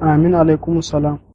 amin alaikum salam